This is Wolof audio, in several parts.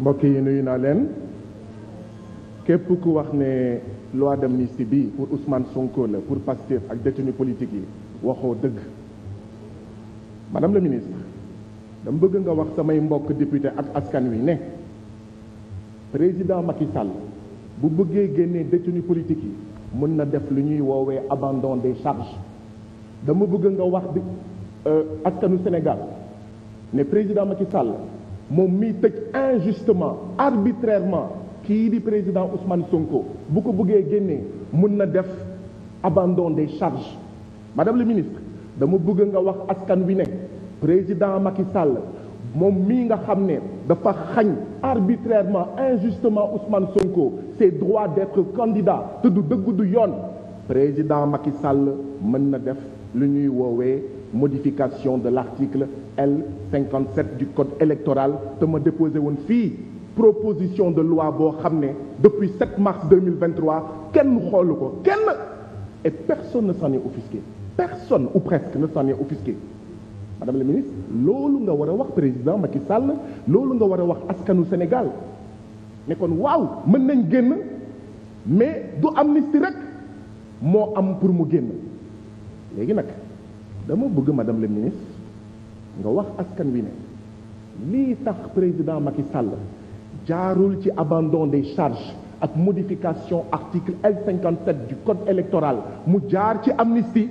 mbokk yi nuyu naa leen képp ku wax ne loi d'amnistie bi pour Ousmane Sonko la pour Pastef ak détenu politique yi waxoo dëgg madame la ministre dama bëgg nga wax samay mbokk député ak askan wi ne président Macky Sall bu bëggee génnee détenu politique yi mën na def lu ñuy woowee abandon de charges dama bëgg nga wax bi euh, askanu Sénégal ne président Macky Sall moom mii tëj injustement arbitrairement kii di président Ousmane Sonko bu ko bëggee génnee mën na def abandon de charge madame la ministre dama bëgg nga wax askan wi ne président Macky Sall moom mii nga xam ne dafa xañ arbitrairement injustement Ousmane Sonko ses droits d'être candidat te du dëgg du yoon président Macky Sall mën na def lu ñuy woowee modification de l'article L57 du code électoral te ma déposé woon fii proposition de loi boo xam ne depuis 7 mars 2023 kenn xoolu ko kenn et personne ne s'en est offusqué personne ou presque ne s'en est offusqué madame la ministre loolu nga war a wax président Macky Sall loolu nga war a wax askanu Sénégal ne kon waaw mën nañ génn mais du amnistie rek moo am pour mu génn léegi nag dama bëgg madame la ministre nga wax askan wi ne lii tax président Macky Sall jaarul ci abandon des charges ak modification article L57 du code électoral mu jaar ci amnistie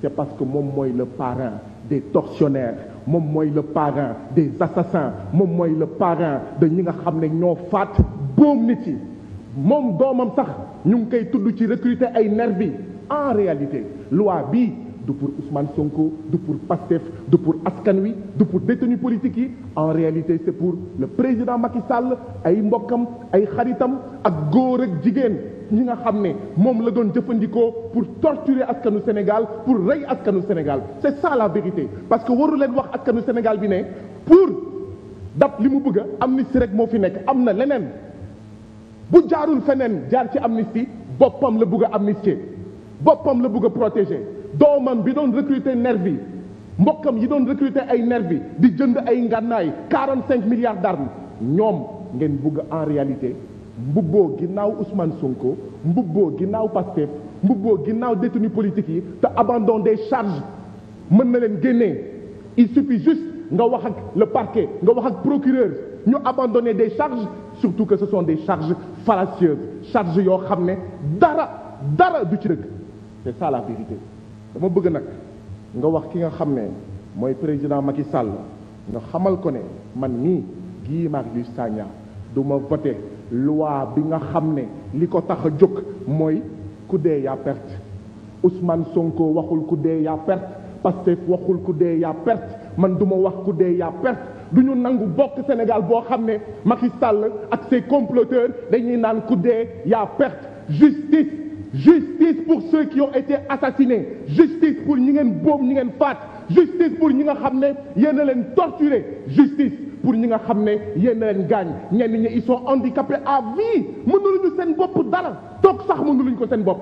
c'est parce que moom mooy le parent des tortionnaires moom mooy le parent des assassins moom mooy le parent de ñi nga xam ne ñoo faat boom nit yi moom doomam sax ñu ngi koy tudd ci recruter ay nervi en réalité loi bi du pour Ousmane Sonko du pour Pastef du pour askan wi du pour détenu politique yi en réalité c'est pour le président Macky sàll ay mbokkam ay xaritam ak góor ak jigéen ñi nga xam ne moom la doon jëfandikoo pour torturer askanu Sénégal pour rey askanu Sénégal c'est ça la vérité parce que waru leen wax askanu Sénégal bi ne pour dab li mu bëgg a amnistie rek moo fi nekk am na leneen bu jaarul feneen jaar ci amnistie boppam la bëgg a amnistier boppam la bëgg a protéger doomam bi doon recruter nervi mbokkam yi doon recruter ay nervi di jënd ay ngànnaay 45 milliards d'armes ñoom ngeen bëgg en réalité mbubboo ginnaaw Ousmane Sonko mbubboo ginnaaw Pastef mbubboo ginnaaw détenu politique yi te abandon des charges mën na leen génnee il suffit juste nga wax ak le parquet nga wax ak procureur ñu abandonner des charges surtout que ce sont des charges fallacieuses charges yoo xam ne dara dara du ci rek c'est ça dama bëgg nag nga wax ki nga xam ne mooy président Macky Sall nga xamal ko ne man nii Guy Marius Sagna du ma voté loi bi nga xam ne li ko tax a jóg mooy ku dee yaa perte Ousmane Sonko waxul ku dee yaa perte Pastef waxul ku dee yaa perte man du ma wax ku dee yaa perte du ñu nangu bokk Sénégal boo xam ne Macky Sall ak ses comploteurs dañuy naan ku dee yaa perte justice justice pour ceux qui ont été assassinés justice pour ñi ngeen boom ñi ngeen faat justice pour ñi nga xam ne yéen leen torturé justice pour ñi nga xam ne yéen a leen gaañ ñenn ñi ils sont handicapés à vie mënuluñu seen bopp dara toog sax mënuluñu ko seen bopp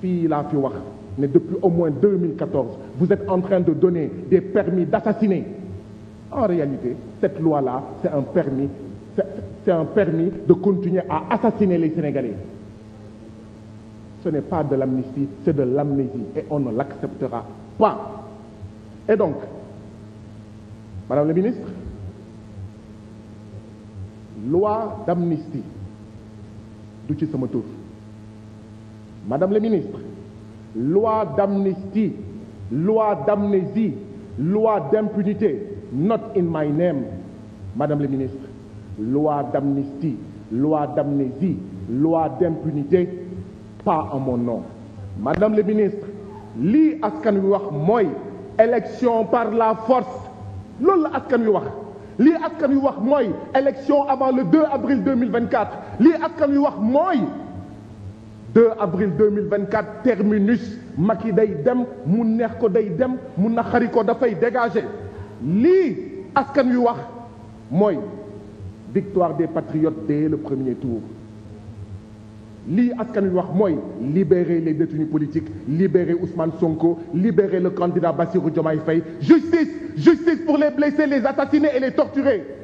fii laa fi wax mais depuis au moins 2014 vous êtes en train de donner des permis d'assassiner en réalité cette loi-là c'est un permis c'est un permis de continuer à assassiner les Sénégalais ce n'est pas de l'amnistie, c'est de l'amnésie et on ne l'acceptera pas. Et donc, Madame la ministre, loi d'amnistie ci sama tur Madame la ministre, loi d'amnésie, loi d'impunité, not in my name, Madame la ministre, loi d'amnésie, loi d'impunité. pas en mon nom madame le ministre lii askan wi wax mooy élection par la force loolu la askan wi wax lii askan wi wax mooy élection avant le 2 avril 2024 lii askan wi wax mooy 2 avril 2024 terminus Macky day dem mu neex ko day dem mu naqari ko dafay dégager lii askan wi wax mooy victoire des patriotes dès le premier tour lii askan wi wax mooy libérer les détenus politiques libérer Ousmane Sonko libérer le candidat Bassirou Diomaye Faye justice justice pour les blessés les assassinés et les torturés